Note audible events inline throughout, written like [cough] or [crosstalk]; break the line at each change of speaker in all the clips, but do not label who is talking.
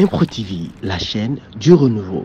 ImproTV, la chaîne du renouveau.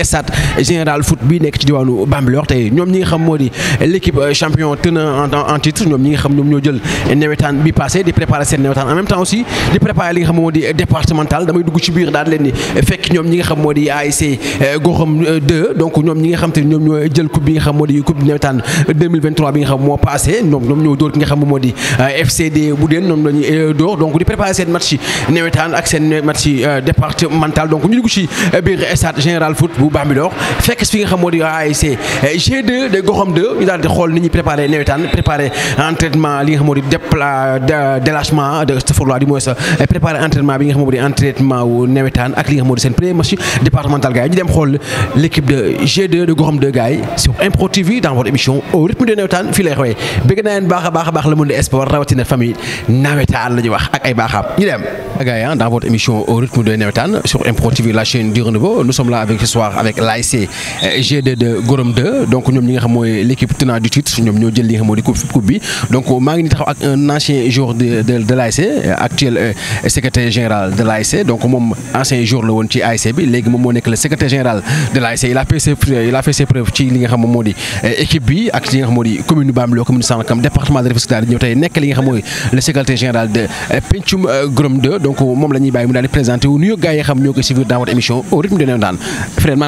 Estat général foot bi nekk ci diwanu Bambilor tay ñom ñi nga xam modi l'équipe euh, champion tenant en titre ñom ñi nga xam ñom ñoo jël nawetaan bi passé di préparer seen nawetaan en même temps aussi di préparer li nga xam modi départemental damay dugg ci biir daal leen ni fekk ñom ñi nga xam modi AIC Goxam 2 donc ñom ñi nga xam te ñom ñoo jël coupe bi nga xam modi coupe nawetaan 2023 bi nga xam mo passé ñom ñoom ñoo door ki nga xam modi euh, FCD bu ñom ñoom lañu euh, donc di préparer seen match nawetaan ak sen match départemental donc ñu dugg ci biir stade général foot Bambilor fekk fi nga xam eh, G2 de Goxom 2 il a des rôles ni ñuy préparé nawetaan préparé entraînement li nga xam dépla délachement de Staforla du moins eh, préparé entraînement bi nga xam moo entraînement wu nawetaan ak li nga xam premier match départemental gars il ñu dem l'équipe l'équipe de G2 de Goxom 2 gars sur Impro TV dans votre émission au rythme de nawetaan fii lay xewee bëgg naa leen baax a baax a baax la mën di espoir famille nawetaan la ñuy wax ak ay baaxaam ñu dem gars hein, dans votre émission au rythme de nawetaan sur Impro TV la chaîne du renouveau nous sommes là avec ce soir avec l'ASC euh, G2 de Gorom 2 donc ñoom ñi nga xam mooy l'équipe tenant du titre ñoom ñoo jël li nga xam coupe coupe bi donc maa ngi ni taxaw ak un ancien joueur de de de l'ASC euh, actuel euh, secrétaire général de l'ASC donc moom ancien joueur le won ci ASC bi légui mom mo nek le secrétaire général de l'ASC il a fait ses il a fait ses preuves ci li nga xam moom équipe bi ak li nga xam modi di commune Bambilor commune Sangalkam département de Rufisque daal di ñëw tey li nga xam mooy le secrétaire général de Pencum Gorom 2 donc mom lañuy ñuy mu dal présenter wu ñu gaay xam ñoko ko suivre dans votre émission au rythme de Néondane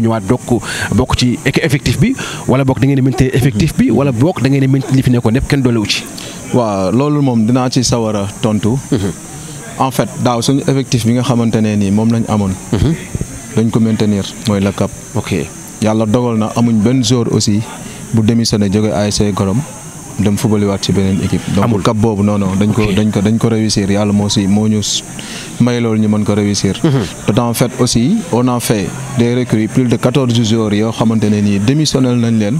ñu ñëwaat donc bokk ci effectif bi wala bokk da ngeen di maintenir effectif bi wala bokk da ngeen di maintenir li fi nekkoon yëpp kenn doolewu ci. waaw loolu moom
dinaa ci sawar a tontu. Mhm. en fait daaw suñu effectif bi nga xamante ne nii moom lañ amoon. Mhm. dañ ko maintenir mooy la CAP. ok yàlla dogal na amuñ benn jour aussi bu démissionné jóge ASC Gorom. dem footballé wat ci benen équipe donc Amul. bobu non non dañ ko okay. dañ ko dañ ko réussir yalla mo si mo ñu may lol ñu mën ko réussir Donc, -hmm. en fait aussi on a fait des recrues plus de 14 joueurs yo xamantene ni démissionnel nañ len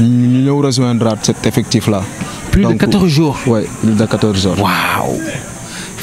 ñu ñëw rejoindre cet effectif là plus de 14 jours ouais de 14
jours waouh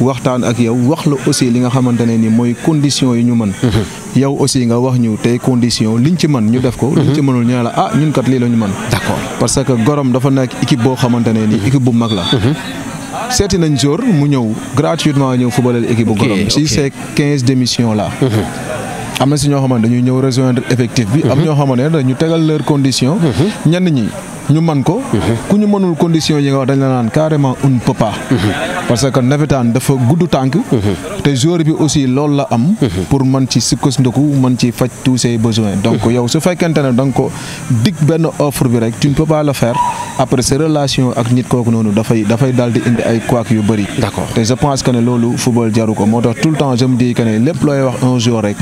waxtaan ak yow wax la aussi li nga xamante ne ni mooy condition yi ñu mën mhm. yow aussi nga wax ñu tey condition liñ ci man ñu def ko liñ ci mhm. mënul ñu ne la ah ñun kat lii la ñu mën d'accord parce que Gorom dafa nekk équipe boo xamante ne ni mhm. équipe bu mag la seeti nañ jour mu ñëw gratuitement ñëw footballal équipe bu Gorom si ces quinze démissions là am na si ñoo xamante dañuy ñëw rejoindre effectif bi am ñoo xamante ne ñu tegal leur condition ñenn ñi ñu man ko ku ñu mënul condition yi nga wax dañ la naan carrément on ne parce que nawetaan dafa gudd tànk. Mhm. te joueur bi aussi loolu la am. Mhm. pour mën ci sukkandiku mën ci faj tous ses donc mhm. yow su fekkante ne da nga ko dig benn offre bi rek tu ne peux pas le faire après sa relation ak nit kooku noonu dafay dafay daal di indi ay couac yu bëri. d'accord te je pense que ne loolu football jaru ko moo tax tout le temps je me dis que ne lépp looy wax un jour rek.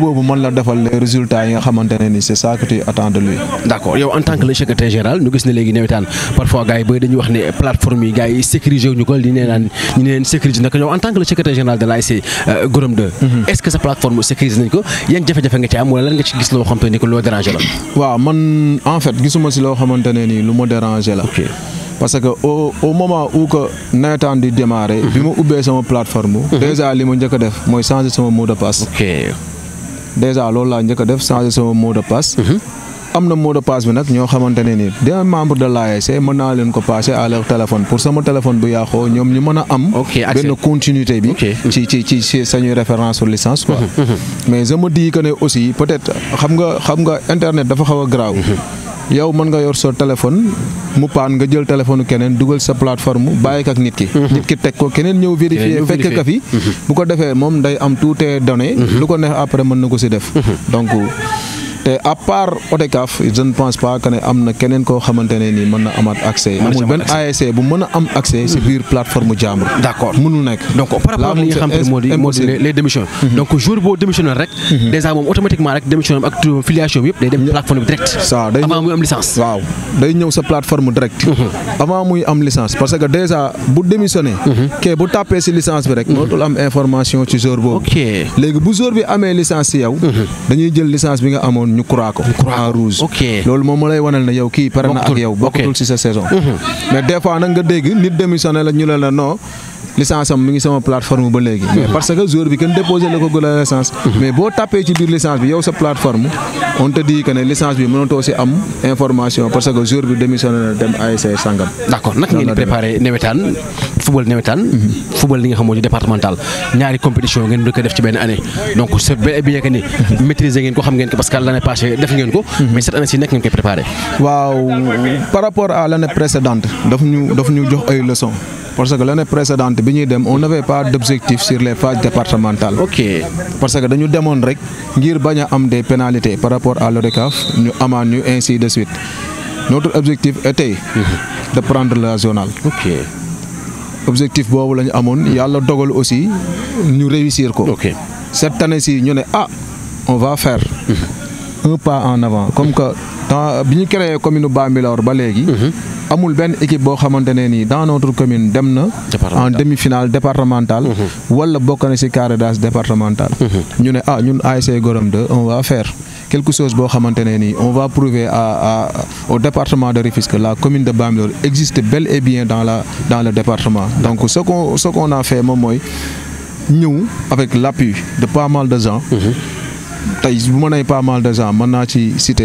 boobu mën la defal les résultats yi nga xamante ne ni c'est ça que tu
attends de en tant que le secrétaire général ñu gis ne léegi gars yi ba dañuy wax ne plateforme yi gars yi ñu ko li nee naan ñu ne leen sécurisé nag yow en tant que le secrétaire général de l'ASC euh, Gorom 2 mhm. est-ce que sa plateforme sécurisé nañ ko yan jafe-jafe nga ci am wala nga ci gis loo xamante [coughs]
nii lu ma dérangé la parce que au moment où que nawetaan di démarrer. Mhm. bi ma ubbee sama plateforme. Mhm. déjà li ma njëkk a def mooy changer sama mot de passe. ok déjà loolu laa njëkk def changer sama mot de passe. am na mot de passe bi nag ñoo xamante ne ni des membres de l'ASC mën naa leen ko passer à leur téléphone pour sama téléphone bu yàqoo ñoom ñu mën a am. benn continuité bi. ci ci ci ci sañuy référence sur licence mhm, mhm. mais je me dis que ne aussi peut-être xam nga xam dafa xaw a garaaw. Mhm. yow mën nga yor sa téléphone mu nga jël téléphone keneen dugal sa plateforme bàyyi ak nit ki. nit teg ko keneen ñëw vérifier fekk ka fi. bu ko defee moom day am toutes les données. lu ko neex après mën na ko si def donc. te euh, à part ODCAV je ne ne am na keneen koo xamante nii mën na amaat accès. amul benn ASC bu mën a am accès. si mhm. biir plateforme jàmbur. d' accord mënul nekk.
donc mhm. jour boo démissionné rek. Mhm. dèjà moom automatiquement rek démission ak filiation bi day dem plateforme bi direct.
waaw day muy am licence. waaw day ñëw sa plateforme direct. avant muy am licence parce que dèjà bu démissionné. kee bu tàppee si licence bi rek. dootul am information ci jour boobu. ñu croix ko. croix rouge ok loolu moom moo lay wanal ne yow kii pare na ak yow. bokkatul si sa saison. Mhm. mais des nag nga dégg nit démissionné la ñu ne la non licence ngi sama plateforme ba léegi. mais mhm. parce que joueur bi kenn déposé la ko gën licence. Mhm. mais boo tapé ci biir licence bi yow sa plateforme on te dit ne licence bi
mënatoo si am information parce que joueur bi démissionné na dem ASC sangam. d'accord naka ngeen di préparé football nawetaan. football li nga xam moo di départemental ñaari compétition ngeen bëgg ko def ci benn année donc c'est bien que ni maîtriser ngeen ko xam ngeen ko parce que l'année passée def ngeen ko. mais cette année ci nekk ngeen koy préparé.
waaw par rapport à l'année précédente daf ñu daf ñu jox ay leçons. parce que l'année précédente bi ñuy dem on n'avait pas d'objectif sur les phases départementales. parce que dañu demoon rek ngir bañ am des pénalités par rapport à l'ODCAV ñu amaan ñu ainsi de suite notre objectif était. Mhm. de prendre la zonale. objectif bobu la amone yalla dogal aussi ñu réussir ko. ok cette année ci ñu né ah on va faire. Mhm. un pas en avant comme que dans bi ñu commune Bambilor ba légui mhm. amul ben équipe bo xamantene ni dans notre commune dem na. en demi-finale départementale. Mhm. wala bokk na ci carré d'as départemental. ñu né ah ñun ASC Gorom 2 on va faire quelque chose on va prouver au département de Rifis que la commune de Bambilor existe bel et bien dans le département donc ce qu'on a fait nous, avec l'appui de pas mal de gens je mm-hmm. bu pas mal de gens mën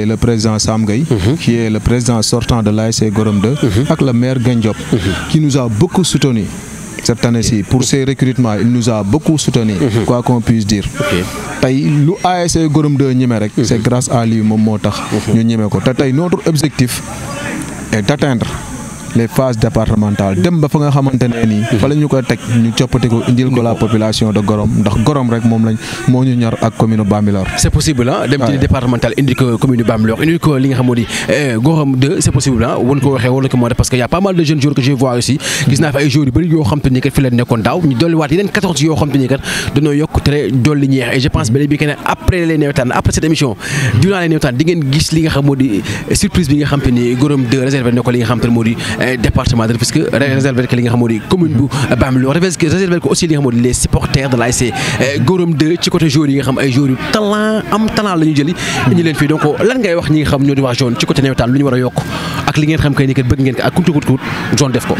le président Samgay, mm-hmm. qui est le président sortant de l'ASC Gorom 2 mm-hmm. avec le maire Gandiop qui nous a beaucoup soutenus cette année-ci, pour ces recrutements, il nous a beaucoup soutenus, mhm. quoi qu'on puisse dire. Tay, lu ASC de ñëmé rek, mhm. c'est grâce à lui mom motax mhm. ñu ñëmé ko. Tay notre objectif est d'atteindre les phases départementales dem ba fa nga xamantene ni nii. fa la ñu ko tek ñu coppati ko indil ko la population de Gorom ndax Gorom rek mom lañ mo ñu ñor ak commune Bamilor.
c'est possible hein dem ci départemental indi ko commune Bamilor indi ko li nga xam moo eh, Gorom 2 c'est possible hein won ko waxee wala ko moo parce que y a pas mal de jeunes joueurs que je vois aussi gis na fi ay joueurs yu bëri yoo xam te kat fi la nekkoon daw ñu doli wat yeneen 14 yo xam te kat dañu yok très doli ñeex et je pense beneen bi que après les nawetaan après cette émission durant les nawetaan di ngeen gis li nga xam moo surprise bi nga xam te Gorom 2 réservé na li nga xam te moo Eh, département de réserver ko li nga xam di commune bu Bambilor réserver ko aussi li nga xam di les supporters de l'ASC eh, Gorom 2 ci côté joueurs nga xam ay joueurs yu talent am talent la jëli ñu leen fii donc lan ngay wax ñi nga xam ñoo di wax jaune ci côté nawetaan lu ñu war yokk ak li ngeen xam kay ni kat bëgg ngeen ko ak kuntukut kut jaune def ko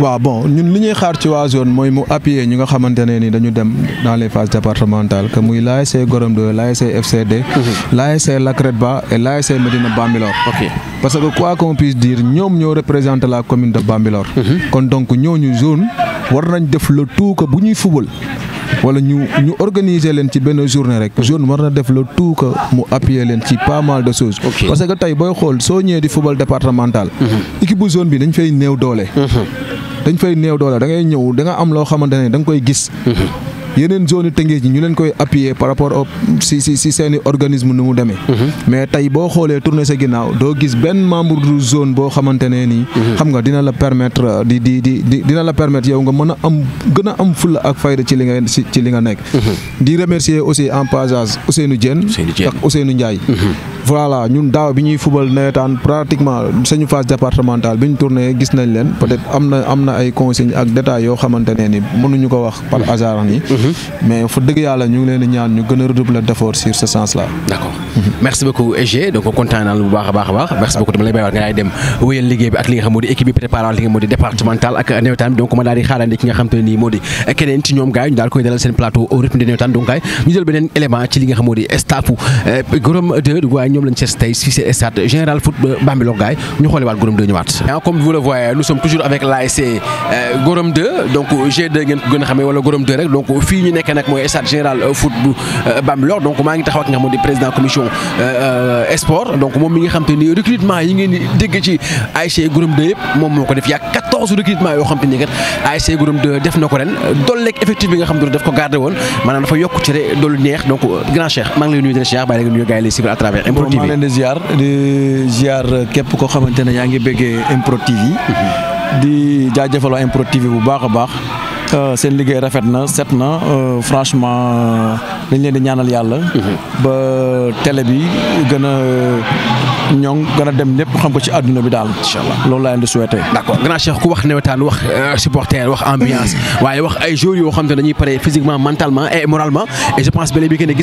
waaw bon ñun li ñuy xaar ci waa zone mooy mu appuyer ñi nga xamante ne ni dañu dem dans les phases départementales que muy l'ASC Gorom 2 l'ASC FCD. Mhm. l'ASC Lacret Ba et l'ASC Medina Bambilor. ok parce que quoi qu'on puisse dire ñoom ñoo représente la commune de Bambilor. Mhm. kon donc ñooñu zone war nañ def le tout que bu ñuy fubal. wala ñu ñu organiser leen ci benn journée rek jeune war na def le tout que mu appuyer leen ci pas mal de choses parce que tey booy xool soo ñëwee di football départemental mhm. équipe bi dañ fay néew doole dañ fay néew doole da ngay ñëw da nga am loo xamante ne da nga koy gis. Mm-hmm. yeneen zone yu Tëngéej ñu leen koy appuyer par rapport au si si si seen organisme nu mu demee. Mhm. mais tey boo xoolee tourner sa ginnaaw doo gis benn membre du zone boo xamante ne nii. Mhm. xam nga dina la permettre euh, di di di dina la permettre yow nga mën a am gën a am fulla ak fayda ci li nga ci li nga nekk. Mhm. di remercier aussi en passage Ousseynou Dieng. ak Ousseynou Ndiaye. voilà ñun daaw bi ñuy fubal nawetaan pratiquement suñu phase départementale bi ñu tourné gis nañ leen peut-être am na am na ay consignes ak détails yoo xamante ne ni mënuñu ko wax par hasard nii. Mhm. mais fa dëgg yàlla ñu ngi leen di ñaan ñu gën redoubler d'effort sur ce sens là.
d'accord mhm. merci beaucoup EG donc on naa la bu baax merci ah. beaucoup dama lay bàyyiwaat nga daal dem wéyal liggéey bi ak li nga xam moo équipe bi préparant li nga moo di départemental ak nawetaan bi donc ma daal di xaarandi ki nga xam te ne nii moo di keneen ci ñoom gars yi ñu daal koy dalal seen plateau au rythme de nawetaan donc gars yi ñu jël beneen élément ci li nga xam moo di euh, Gorom 2 waaye ñoom lañ seet tey si seen stade général foot Bambilor gars yi ñu xoolee waat Gorom 2 ñëwaat comme vous le voyez nous sommes toujours avec l'ASC euh, Gorom 2 donc G2 ngeen gën a wala Gorom 2 rek donc fii ñu nekk nag mooy stade général euh, foot bu euh, bamlor donc ma ngi taxaw ak nga xam di président commission euh, sport donc mom mi nga xam te recrutement yi ngeen di dégg ci ASC Gorom 2 yëpp moom moo def ya 14 recrutement yo xam te ni kat ASC Gorom 2 def nako ko ren dolleeg effectif bi nga xam do def ko gardé woon maanaam fa yok ci rek dolu neex donc grand cheikh ma ngi lay nuyu di cheikh ziar bàyyi la nga nuyu gars yi lay suivre à travers Impro TV maa ngi leen di ziar di
ziar képp ko xamante ne yaa ngi béggee Impro TV mhm. di jaajëfal waa Impro TV bu baax baax Euh, seen liggéey rafet na set na euh, franchement euh, dañ leen di ñaanal yàlla. Mhm. ba télé bi gën a ñoom gën a dem ñëpp xam ko ci àdduna bi daal. incha allah loolu laa leen di souhaité. d' accord
grand cheikh ku wax nawetaan wax euh, supporter wax ambiance mm. waaye wax ay joueurs yoo xam te dañuy pare physiquement mentalement et moralement et je pense bele bi euh, ngeen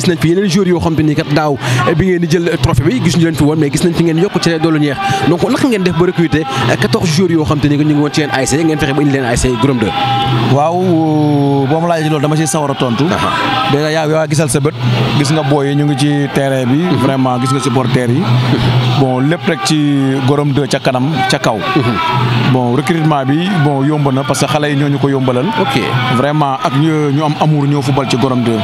di jël euh, trophée bi gis ñu leen fi woon mais gis nañ fi ngeen yokk ci doolu ñeex donc naka ngeen def ba recruter 14 joueurs yoo xam te ni ñu ngi woon ci leen ASC ngeen fexe ba indi leen ma
laajee loolu dama ciy a gis nga booy ngi ci terrain bi mm-hmm. vraiment gis nga supporter yi [laughs] bon ci Gorom ca kanam ca kaw. Mhm. bon recrutement bi bon yomb na parce que xale yi ñoo ñu ko yombalal. ok vraiment ak ñu am amour ñoo football ci Gorom mhm.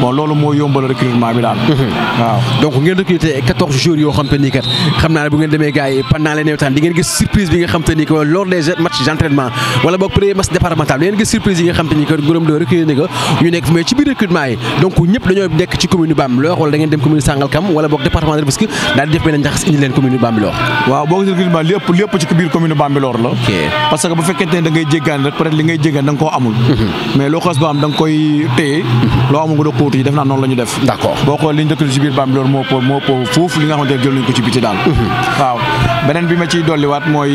bon loolu moo yombal recrutement bi daal. Mhm. di ngeen gis surprise bi nga xam te ni que lors des matchs d'entraînement wala boog premier match départemental di ngeen gis surprise yi nga xam te ni que Gorom 2 ñu nekk mais ci biir recrutement yi donc ñëpp dañoo nekk ci commune Bam loo wax wala indi leen commune Bambilor waaw boo gisee recrutement lépp lépp ci biir commune Bambilor
nga koo amul mhm. mais loo xas ba am da nga koy téye mhm. def naa boo xoolee li ñu recruté ci biir Bambilor moo po moo po foofu li nga xamante ne jël nañ ko ci biti daal mhm.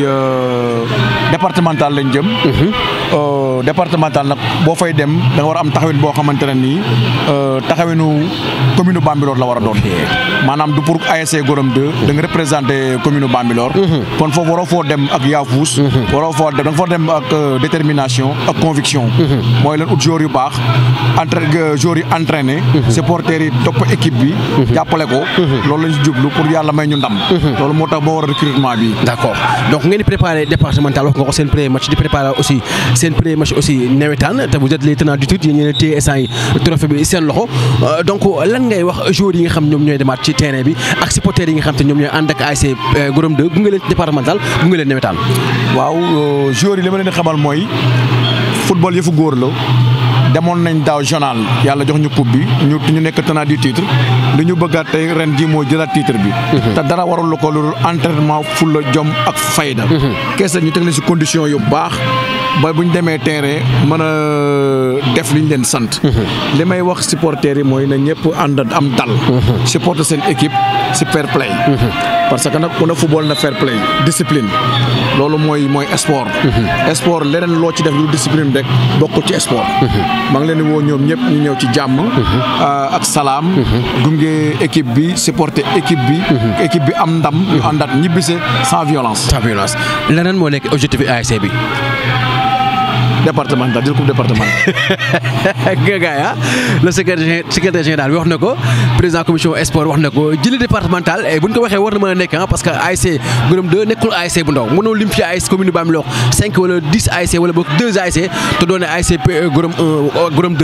euh, jëm Eh, départemental nak bo fay dem da nga wara am taxawin bo xamantene ni euh taxawinu commune Bambilor la wara a doon. maanaam du pour ASC Gorom 2. da nga représenter commune Bambilor. Mhm. kon fo waro fo dem ak yafous mhm. waro fo dem da nga fo dem ak euh, détermination ak conviction. moy mhm. lan out jour yu bax entre euh, jour yu entraîné. supporter yi top équipe bi. jappalé ko. lolou lañ si jublu pour yalla may ñu ndam.
lolou motax bo wara recrutement bi. d'accord donc ngeen préparer départemental wax nga ko sen premier match di préparer aussi. seen premier match aussi nawetaan te vous êtes les tenants du titre yéen ñoo téye instant yi trophée bi seen loxo euh, donc lan ngay wax joueurs yi nga xam ñoom ñooy demaat ci terrain bi ak supporters yi nga xam te ñoom ñooy ànd ak ASC euh, Gorom 2 gunge leen départemental gunge leen nawetaan. waaw euh, joueurs yi li ma leen
xamal mooy football yëfu góor la. demoon nañ daaw journal yàlla jox ñu coupe bi ñu ñu nekk tenant du titre li ñu bëggaat tey ren ji moo jëlaat titre bi. Mhm. te dara warul ko loolu entraînement fulla jom ak fayda. Mhm. kees ñu teg leen si condition yu baax ba bu ñu demee terrain mën a def li ñu leen sant. li may wax supporters yi mooy na ñëpp ànd am dal. supporter seen équipe si fair play. parce que nag ku ne football na fair play discipline loolu mooy mooy sport. sport leneen loo ci def lu discipline rek bokkul ci sport. maa ngi leen di woo ñoom ñëpp ñu ñëw ci jàmm. Euh, ak salaam. gunge équipe bi supporter équipe bi. équipe bi am ndam. ñu àndaat ñibbise sans violence. sans violence leneen moo nekk objectif bi ASC bi.
départemental jël coupe départemental. Guégaye [laughs] ah le secrétaire secrétaire général wax na ko président commission sport wax na ko jëli départemental eh, bu ñu ko waxee war na mën a nekk ah, parce que ASC Gorom 2 nekkul ASC bu ndaw mënoo lim fi ASC commune Bambilor 5 wala wala boog 2 ASC te doon na ASC Gorom 1 Gorom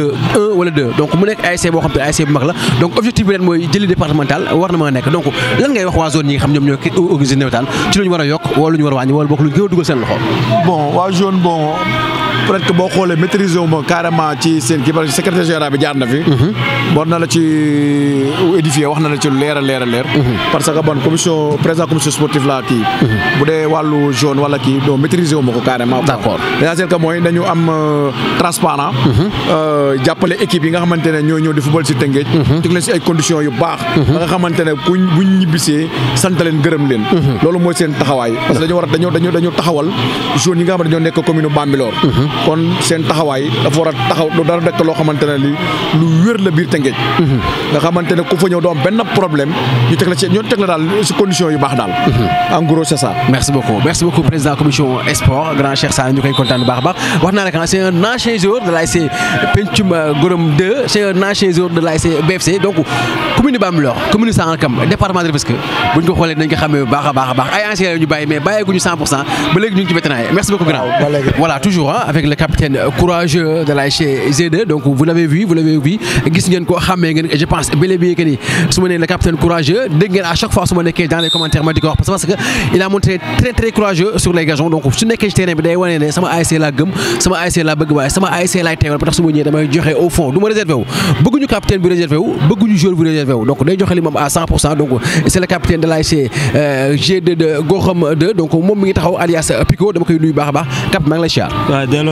wala 2 donc mu nekk ASC boo xam te ASC bu mag la donc objectif bi ren mooy jëli départemental war na mën a nekk donc lan ngay wax waa zone yi
peut que boo xoolee maîtriser wu ma carrément ci seen kii parce que secrétaire général bi jaar na fi. Mhm. war la ci euh, édifier wax na la ci leer a leer mhm. parce que bon commission président commission sportive laa kii. Mhm. bu dee wàllu jaune wala kii doo maîtriser wu ma ko carrément. d'accord l'essentiel que mooy dañu am euh, transparent. Euh, jàppale équipe yi nga xamante ne ñoo ñëw di football si Tëngéej. teg leen si ay conditions yu baax. ba nga xamante ne kuñ ñibbisee sant leen gërëm a dañoo nekk commune kon seen taxawaay dafa war a taxaw lu dara dekk loo xamante ne lii lu wér la biir Tëngéej mhm. nga xamante ne ku fa ñëw doo benn problème ñu teg la daal condition yu
baax daal mhm. en gros merci beaucoup président commission sport grand Cheikh Sall ñu koy kontaan baax baax wax naa rek ah, c'est un ancien joueur de l'ASC Pencum euh, Gorom 2 c'est un ancien joueur de BFC donc commune Bambilor commune Sangalkam département de Rufisque baax baax a baax ay anciens ñu bàyyi mais bàyyeeguñu avec le capitaine euh, courageux de la G2 e. donc vous l'avez vu vous l'avez vu gis ngeen ko xamé ngeen je pense bel et bien que ni le capitaine courageux dégg ngeen à chaque fois suma ma dans les commentaires ma di parce que il a montré très très courageux sur les gazons donc su nekkee ci terrain bi day wone né sama ASC la gëm sama ASC la bëgg way, sama ASC laay téwal parce que suma ma dama joxé au fond Duma ma réservé wu ñu capitaine bi réservé wu ñu joueur bu réservé wu donc day joxé limam à 100 donc c'est le capitaine de la G2 euh, de Goxam 2 donc mom mi ngi taxaw alias Pico dama koy nuyu baax baax cap maa ngi lay siyaar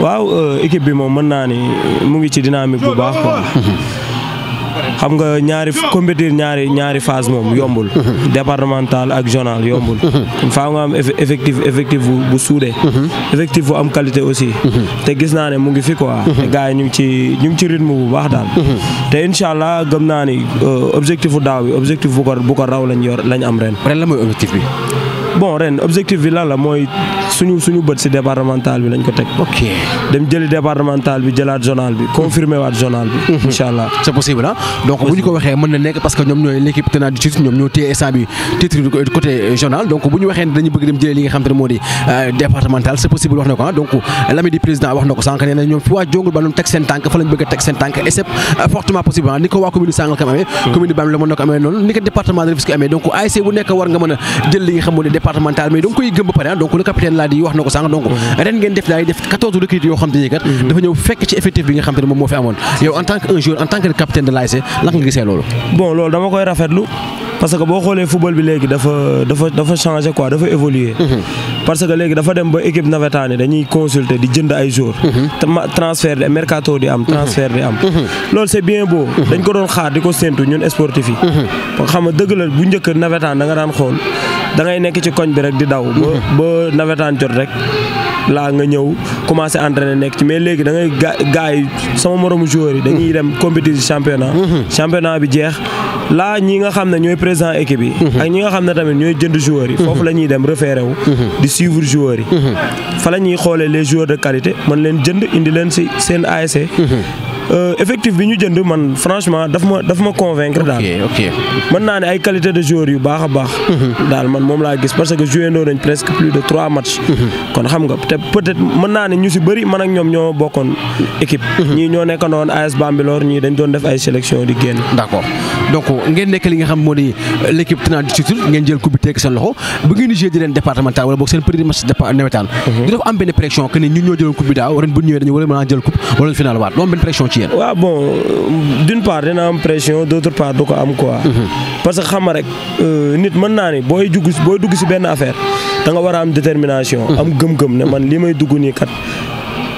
waaw euh, équipe bi moom mën naa ni mu ngi ci dynamique bu baax quoi. xam nga ñaari compétir ñaari ñaari phase moom yombul. départemental ak zonal yombul. faaw nga am effectif effectif bu bu suudee. effectif bu am qualité aussi. te gis naa ne mu ngi fi quoi. te gars yi ñu ngi ci ñu ngi ci rythme bu baax daal. te incha allah gëm naa ni euh, objectif bu daaw bi objectif bu ko bu ko raw lañ yor lañ am ren. ren la mooy objectif bi. bon ren objectif bi lan la mooy. suñu suñu bët si départemental bi lañ ko teg. dem jëli départemental bi jëlaat zonal bi. confirmé waat zonal bi. Mhm. incha allah c' possible ah. donc bu ñu waxee mën na nekk parce que ñoom ñooy l' équipe tenant
possible wax na ko ah donc l'ami di président wax na ko sànq nee na ñoom fi waa jongul ba doon teg seen tànk fa lañ bëgg teg seen tànk et c' euh, fortement possible ah ni ko waa commune Sangalkam amee. Mhm. amee noonu ni nga maladie yi wax na ko sànq donc mm-hmm. ren ngeen def daal def 14 recrues yoo xam te kat mm-hmm. dafa ñëw fekk ci effectif bi nga xam te moom
moo fi amoon yow en tant que un joueur en tant que capitaine de l'ASC lan nga gisee loolu bon loolu dama koy rafetlu parce que boo xoolee football bi léegi dafa dafa dafa quoi dafa évoluer mm-hmm. parce que léegi dafa dem ba équipe navétane yi dañuy consulter di jënd ay joueurs transfert de mercato di am transfert di am loolu c'est da ngay nekk ci koñ bi rek di daw. ba mhm. ba nawetaan jot rek laa nga ñëw commencé entraîner nekk ci mais léegi da ngay ga gars yi sama moromu joueur yi. dañuy mhm. dem compétir championnat. Mhm. championnat bi jeex. laa ñi nga xam ne ñooy président équipe yi. ak ñi nga xam ne tamit ñooy jënd joueurs yi. foofu la ñuy dem référé wu. di suivre joueurs yi. fa la ñuy xoolee les joueurs de qualité mën leen jënd indi leen si seen ASC. E. Euh, effectif bi ñu jënd man franchement daf ma daf ma daal. ok naa ne ay qualité de joueur yu baax a baax. Mhm. daal man moom laa gis parce que joué ndoo nañ presque plus de trois matchs. Mhm. kon xam nga te peut-être mën naa ne ñu si bëri man ak ñoom ñoo bokkoon équipe. Mhm. ñii ñoo nekkandoon AS Bambilor ñii dañ doon def ay sélection di génn. d'accord donc ngeen nekk li nga xam moo di
euh, l'équipe tenant du titre ngeen jël coupe bi teg seen loxo bu ngeen di joué di leen a ci yéen.
waaw bon d'une part dina am pression d'autre part du ko am quoi. Mhm. parce que xam nga rek euh, nit mën naa ni booy jugg booy dugg si benn affaire danga war a am détermination. Mhm. am gëm-gëm ne man lii may dugg nii kat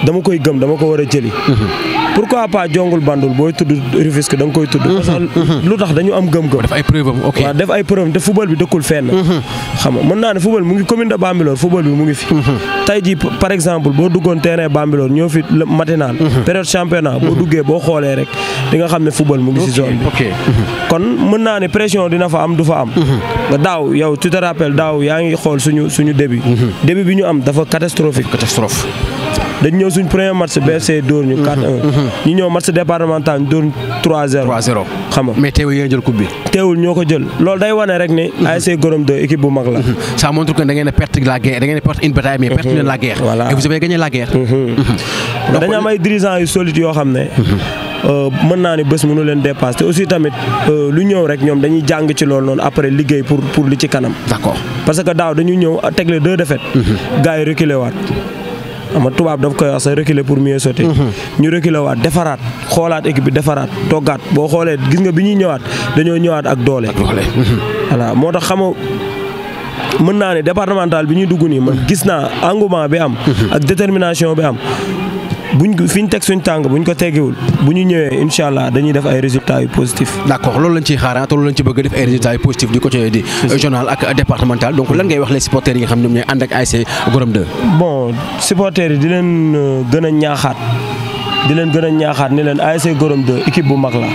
dama koy gëm dama ko war a jëli. Mhm. pour quoi pas jongul bandul booy tudd Rufisque da nga koy tudd. parce lu tax dañu am gëm-gëm. def ay preuve am ok waaw def te football bi dëkkul fenn. Mhm. xam mën naa ne football mu ngi commune de Bambilor football bi mu ngi fi. Mhm. tey jii par exemple boo duggoon terrain Bambilor ñoo fi matinal. Mhm. période championnat boo duggee boo xoolee rek di nga xam ne football mu ngi si zone bi. kon mën naa ne pression dina fa am du fa am. nga daaw yow tu daaw yaa ngi xool suñu suñu début. début bi ñu am dafa catastrophique catastrophe. dañ ñëw suñ premier match BFC dóor ñu 4-1 mhm. mhm. ñu ñëw match départemental ñu dóor 3-0 3-0 xam nga mais teewul yéen jël coupe bi teewul ñoo ko jël loolu day wane rek ni mhm. ASC Gorom 2 équipe bu mag la ça montre que da ngeen a perte la guerre da ngeen a perte une bataille mais perte leen la guerre et yu solides yoo xam ne euh, mën naa ni bés mënu leen dépassé te aussi tamit euh, lu ñëw rek ñoom dañuy jàng ci loolu noonu après liggéey pour pour li ci kanam. d'accord parce que daaw dañu ñëw euh, teg les deux défaites. gars waat. xam nga tubaab daf koy wax sa pour pour mieux sauter. Mhm. ñu reculer waat defaraat xoolaat équipe bi defaraat toggaat boo xoolee gis nga bi ñuy ñëwaat dañoo ñëwaat ak doole. Mhm. voilà moo tax xam mën naa ne départemental bi ñuy dugg nii man mhm. gis naa engouement bi am. ak détermination bi am. bu ko fi ñu teg suñ tànk buñ ko teggiwul bu ñu ñëwee incha allah dañuy def ay résultats yu positif. d' accord loolu lañ ciy xaar te loolu lañ ci bëgg def ay résultats
yu positif di côté di journal ak départemental donc lan ngay wax les supporters yi nga xam ñoom ñooy ànd ak ASC Gorom 2.
bon supporters yi di leen euh, gën a ñaaxaat di leen gën a ñaaxaat ni leen ASC Gorom 2 équipe bu mag la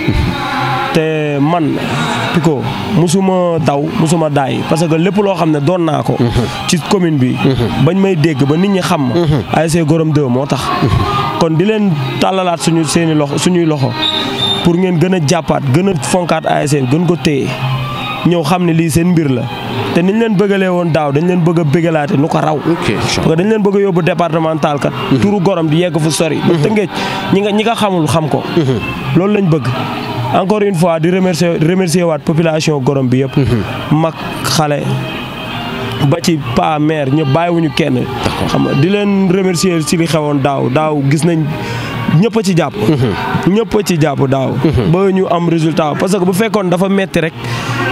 te man Pico musuma daw musuma daay parce que lépp loo xam ne doon naa ko. ci commune bi. bañ may dégg ba nit ñi xam ma. ASC Gorom 2 moo tax. kon di leen tàllalaat suñu seeni loxo suñuy loxo pour ngeen gën a jàppaat gën a fonkaat ASC gën ko téye ñëw xam ne lii seen mbir la. te niñ leen bëggalee woon daaw dañ leen bëgg a nu ko raw parce que dañ leen bëgg yóbbu départemental kat turu gorom di yegg fu sori ba mhm. tëngeej ñi nga ñi nga xamul xam ko mhm. loolu lañ bëgg encore une fois di remercier remercier waat population gorom bi yëpp. Mhm. mag xale ba ci pa mère ñëpp bàyyiwuñu kenn. xam nga di leen remercier ci li xewoon daaw daaw gis nañ. ñëpp ci jàpp. ñëpp ci jàpp daaw. ba ñu am résultat parce que bu fekkoon dafa metti rek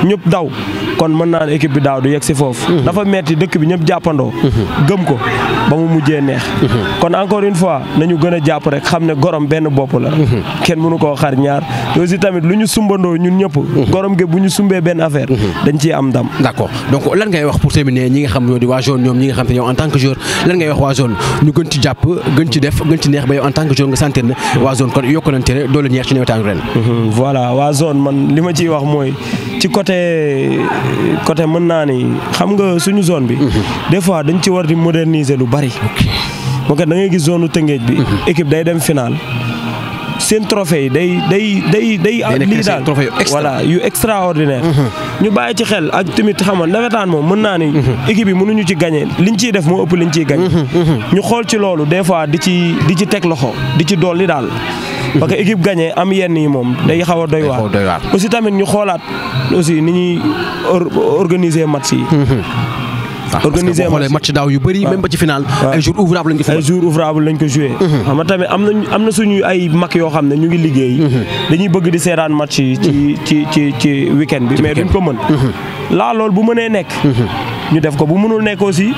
ñëpp daw kon mën naa ne bi daaw du yegg si foofu. Mhm. dafa metti dëkk bi ñëpp jàppandoo. Mhm. gëm ko ba mu mujjee neex. Mhm. kon encore une fois nañu gën jàpp rek xam ne gorom benn bopp la. kenn mënu koo xar ñaar aussi tamit lu ñu sumbandoo ñun ñëpp. gorom ge bu ñu sumbee benn affaire. dañ ciy am ndam. d'accord
lan ngay wax pour terminer ñi nga xam ñoo di waa ñoom ñi nga xam te yow te ne waa zone kon yokk
nañ doole ñeex ci nawetaan ren. Mhm, voilà waa zone man li ma ciy wax mooy ci côté côté mën naa ni xam nga suñu zone bi. Mhm. des fois dañ ci war di moderniser lu bari. ok da ngay gis zone Tëngéej bi. Mhm. équipe day dem final. seen trophée yi day day day day. lii daal voilà yu extraordinaire. Mhm. ñu bàyyi ci xel ak tamit xam nga nawetaan moom mën naa ni. Mhm. équipe yi mënuñu ci gagné liñ ciy def moo ëpp liñ ciy gagné. Mhm, ñu xool ci loolu des fois di ci di ci teg loxo di ci dolli daal. parce que équipe gagné am yenn yi moom day xaw a doy waar. aussi tamit ñu xoolaat aussi ni ñuy organiser match yi. organisé ma match daaw yu bëri même ba ci final. ay jours ouvrables lañ ko ay jours mhm. tamit am na am ñu suñu ay mag yoo xam ne ñu ngi liggéey. Mhm. dañuy bëgg di seeraan match yi. ci mhm. ci ci ci weekend bi mais duñ ko mën. laa loolu bu mënee nekk. ñu def ko bu mënul nekk aussi.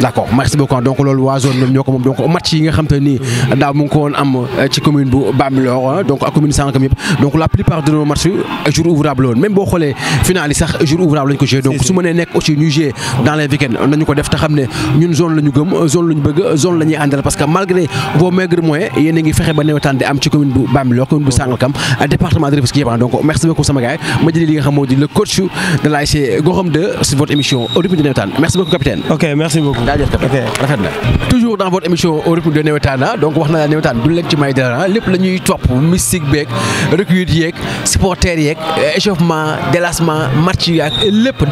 D'accord. merci beaucoup ah, donc le loisir nous ñoom ñoo donc match yi nga xam te ni daaw mu ko woon am euh, ci commune bu Bambilor ah, donc ak commune Sànqam yëpp donc la plupart de nos matchs euh, jour ouvrable la woon même boo xoolee final yi sax euh, jour ouvrable lañ ko joué donc su ma nee aussi ñuy dans les week-ends nañu ko def te xam ne ñun zone la gëm zone la bëgg zone la ñuy parce que malgré vos maigres moyens yéen a ngi fexe ba nawetaan di am ci commune bu Bambilor commune bu Sànqam département de Rufisque yëpp ah. donc merci beaucoup sama gars ma jëlee li nga xam di le coach de l'ASC Goxom 2 sur votre émission Roupine de Nawetaan merci beaucoup capitaine ok merci beaucoup jaajëf tamit rafet na toujours dans émission au de Nawetaan donc wax na la Nawetaan du leen ci may dara lépp la topp mystique beeg recrute yeeg supporters yeeg échauffement délassement match yi ak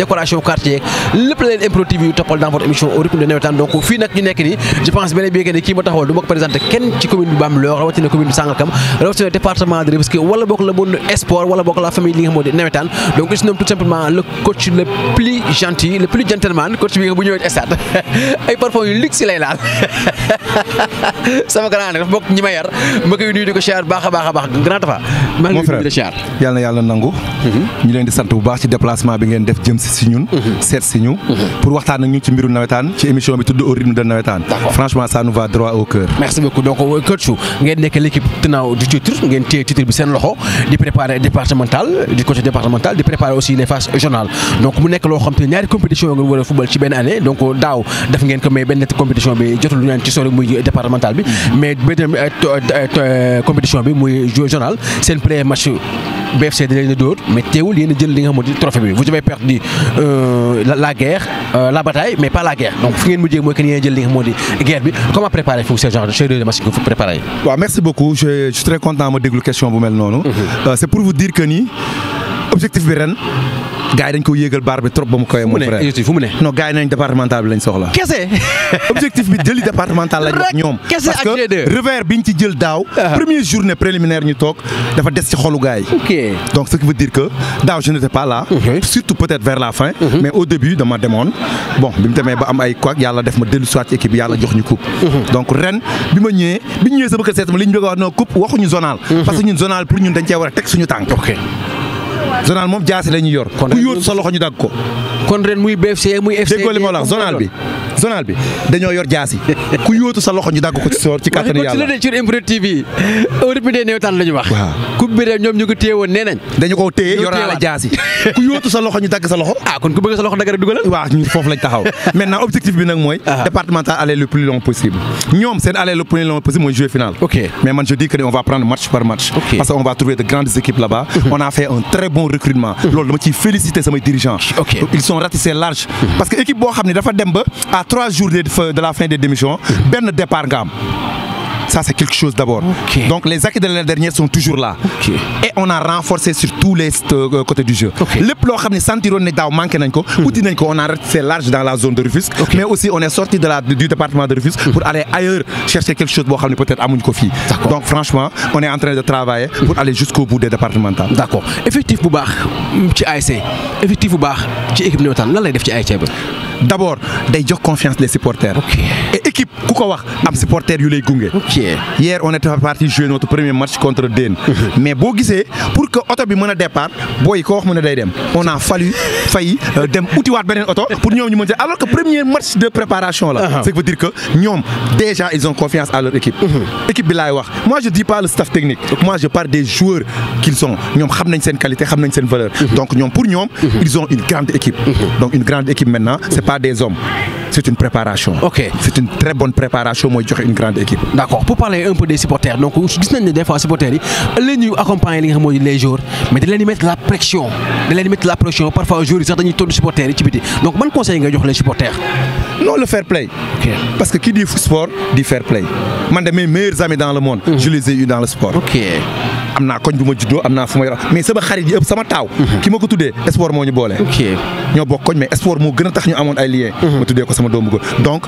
décoration quartier yeeg lépp la leen Impro yu toppal dans émission au de Nawetaan donc fii nag ñu nekk ni je pense beneen bi kii ma taxawal du ma ko kenn ci commune bu Bambilor rawatina commune bi nga bu ñëwee stade [laughs] ay parfum yu luxe lay laal [laughs] sama grand nag mbokk ñi ma yar ma koy nuyu di ko siyaar baax a baax a baax grand Tapha.
maa ngi lay nuyu di siyaar yal na yàlla nangu. Mhm. ñu leen di sant bu baax ci déplacement bi ngeen def jëm si ñun. Mhm. seet si ñu. Mhm. pour waxtaan ak ñu ci mbiru nawetaan ci émission bi tudd au de nawetaan. franchement ça nous droit au cœur. merci beaucoup donc euh, coach ngeen nekk l'
équipe ngeen téye titre bi seen loxo di préparer départemental def ngeen ko mais benn compétition bi jotul ñu ci sori muy départemental bi mais benn euh, euh, euh, compétition bi muy journal seen play match BFC da leen a mais teewul yéen a jël li nga xamante ni trophée bi vous avez perdu la guerre la bataille mais pas la guerre donc fi ngeen mujjee mooy que ni yéen a jël li nga xamante guerre bi comment préparer foofu ces genre ce genre de match que vous préparez.
waaw merci beaucoup je suis très content ma déglu question bu mel noonu. Mm-hmm. c'est pour vous dire que ni objectif bi ren gars dañ ko yéegal baar bi trop ba mu koy mon frère fu mu ne non gars yi nañ départemental bi lañ soxla kese [laughs] objectif bi jëli départemental lañ wax ñoom parce que revers biñ ci jël daaw ah ah. premier journée préliminaire ñu toog dafa des ci xolu gars yi donc ce qui veut dire que daaw je n'étais pas là surtout peut-être vers la fin mhm. mais au début dama demoon bon bi mu demee ba am ay quoi yàlla def ma dellu soit équipe bi yàlla jox ñu coupe mhm. donc ren bi ma ñëwee bi ñu ñëwee sama kër seet ma liñ bëgg a wax non coupe waxuñu zonal mhm. parce que ñun zonal pour ñun dañ cee war a teg suñu tànk zonal mom jaasi lañu yor. ku yóotu sa loxo ñu dag ko. kon ren muy BFC muy FC déggoo li ma wax zonal bi zonal bi dañoo yor jaasi ku yóotu sa loxo ñu dag ko ci soor ci kàttanu ci wax
ci Mprod TV
au bi de néewtaan lañu wax. ku bi de ñom ñu ko téye woon dañu ko téye yorala jaasi [laughs] ku yóotu sa loxo ñu dag sa loxo. ah kon ku bëgg sa loxo dagg rek dugalal. waaw ñun foofu lañ taxaw maintenant objectif bi nak moy ah. départemental aller le plus long possible. ñom c'est aller le plus long possible mooy jouer final. ok mais man je dis que on va prendre match par match. parce que on va trouver de grandes équipes là-bas. [laughs] on a fait un très bon recrutement. Je hmm. dama féliciter samay dirigeants. ils sont ratissés large. Hmm. parce que l'équipe boo xam à trois jours de la fin des démissions ben départ gamme. Ça, c'est quelque chose d'abord. Donc, les acquis de l'année dernière sont toujours là. Et on a renforcé sur tous les euh, côtés du jeu. le plan de ne sentiroon ne manqué hmm. on a c'est large dans la zone de Rufus mais aussi on est sorti du département de Rufus hmm. pour aller ailleurs chercher quelque chose pour aller peut-être à Mounkofi. donc franchement on est en train de travailler. pour hmm. aller jusqu'au bout des départementales. d'accord effectif bu baax ci ASC effectif bu baax ci équipe nawetaan lan lay def ci as d'abord confiance des supporters. et équipe pourquoi ko Un am supporters yu Hier, on était parti jouer notre premier match contre Den. [laughs] Mais bon, pour que l'auto puisse départ, boy, on a fallu, failli, des outils auto pour nous dire. Alors que premier match de préparation, là, uh-huh. c'est veut dire que nous, déjà, ils ont confiance à leur équipe. Uh-huh. Équipe -huh. Moi, je dis pas le staff technique. Moi, je parle des joueurs qu'ils sont. Nous savons une qualité, nous savons une valeur. Uh-huh. Donc, pour nous, ils ont une grande équipe. Donc, une grande équipe maintenant, ce n'est pas des hommes c'est une préparation. Ok. C'est une très bonne préparation Moi, j'ai une grande équipe. d'accord pour parler un peu des supporters donc je
nañ des fois supporters yi les accompagnent les jours, mais ils mettent mettre la pression ils
mettre la pression parfois un yi ils dañuy supporters yi donc quel conseil nga les supporters. non le fair play. Ok. parce que qui dit sport dit fair play Moi, de mes meilleurs amis dans le monde. Mhm. je les ai eus dans le sport. ok. am na koñ bu ma juddoo am naa fu ma yor mais sama xarit yi ëpp sama taaw mhm. ki ma ko tuddee sport moo ñu boole ñoo bokk koñ mais sport moo gën a tax ñu amoon ay liens mhm. ma tuddee ko sama doomu góor donc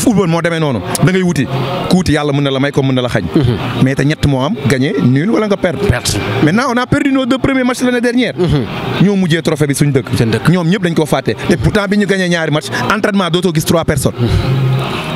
football moo demee noonu da wuti ku wuti yàlla mën na la may ko mën na la xañ mhm. mais te ñett moo am gagné nul wala nga perdre maintenant on a perdu nos deux premiers matchs l'année dernière ñoo mujjee trophée bi suñ dëkk ñoom ñëpp dañ koo fàtte te pourtant bi ñu gagné ñaari match entraînement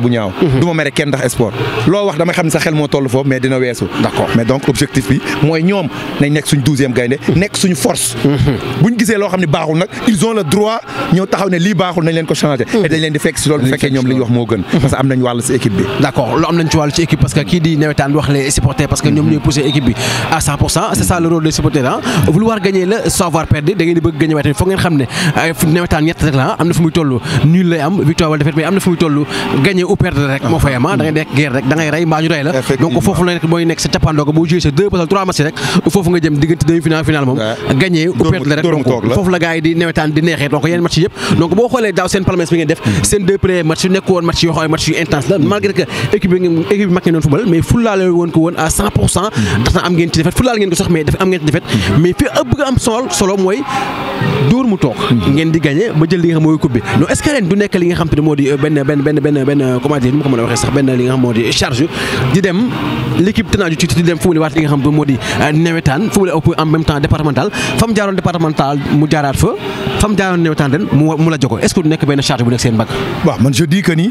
wax bu ñaaw mhm. du ma mere ndax sport lo wax dama xam sa xel mo tollu foofu mais dina wessu d'accord mais donc objectif bi moy ñom nañ nek suñ 12e gaynde nek suñ force mhm. buñ gisee lo xamni ne baaxul nag ils ont le droit ñeu taxaw ne li baaxul nañ leen ko changer mhm. et dañ leen di fekk ci loolu bu ñom li wax mo gën parce que am nañ wàll si équipe bi d'accord lo am nañ ci wàll ci équipe parce que ki di nawetaan wax les supporters parce
que ñom ñooy pousser équipe bi à 100 c'est ça le rôle des supporters hein vouloir gagner le savoir perdre da ngeen di bëgg gagner waate fo ngeen xam ne nawetaan ñett rek la am fu muy tollu nul lay am victoire wala défaite mais amna fu muy tollu gagner ou perdre rek moo fa yem ah, da nekk guerre rek da rey mbaa rey la donc foofu la nekk mooy nekk sa cappaandoo ga boo joué sa trois matchs rek foofu la rek yi di neexee donc yeneen match yëpp donc boo xoolee daaw seen palmarès bi ngeen def mm-hmm. seen deux premiers matchs nekk woon match yu intense la malgré que équipe bi mag ngeen doon football mais fullaale woon ko woon à cent pour cent mm-hmm. tax na am ngeen ci defet fullaal ngeen ko sax mais def am ngeen ci defet mm-hmm. dóor mu toog ngeen di gagné ba jël li nga xam mooy coupe bi non est du nekk li nga xam te moo euh, euh, a waxee sax benn li moo di charge di dem l'équipe tanaaju ci di dem fu mu waat li nga xam moo di euh, nawetaan fu mu ëpp en même temps départemental fa mu jaaroon départemental
mu jaaraat fa fa mu jaaroon nawetaan ren mu la jogo est du nekk benn charge bu nekk seen mbagg waaw man je dis que ni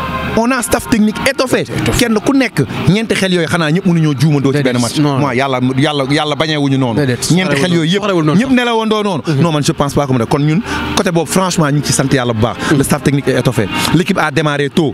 on a staff technique étoffé kenn ku nekk ñeenti xel yooyu xanaa ñëpp mënuñoo juumandoo ci benn match waaw yàlla yàlla yàlla noonu ñeenti xel yooyu yëpp ñëpp nelawandoo noonu mm-hmm. non man je pense kon ñun côté boobu franchement ñu ci sant yàlla bu baax mm-hmm. le staff technique est étoffé a démarré tôt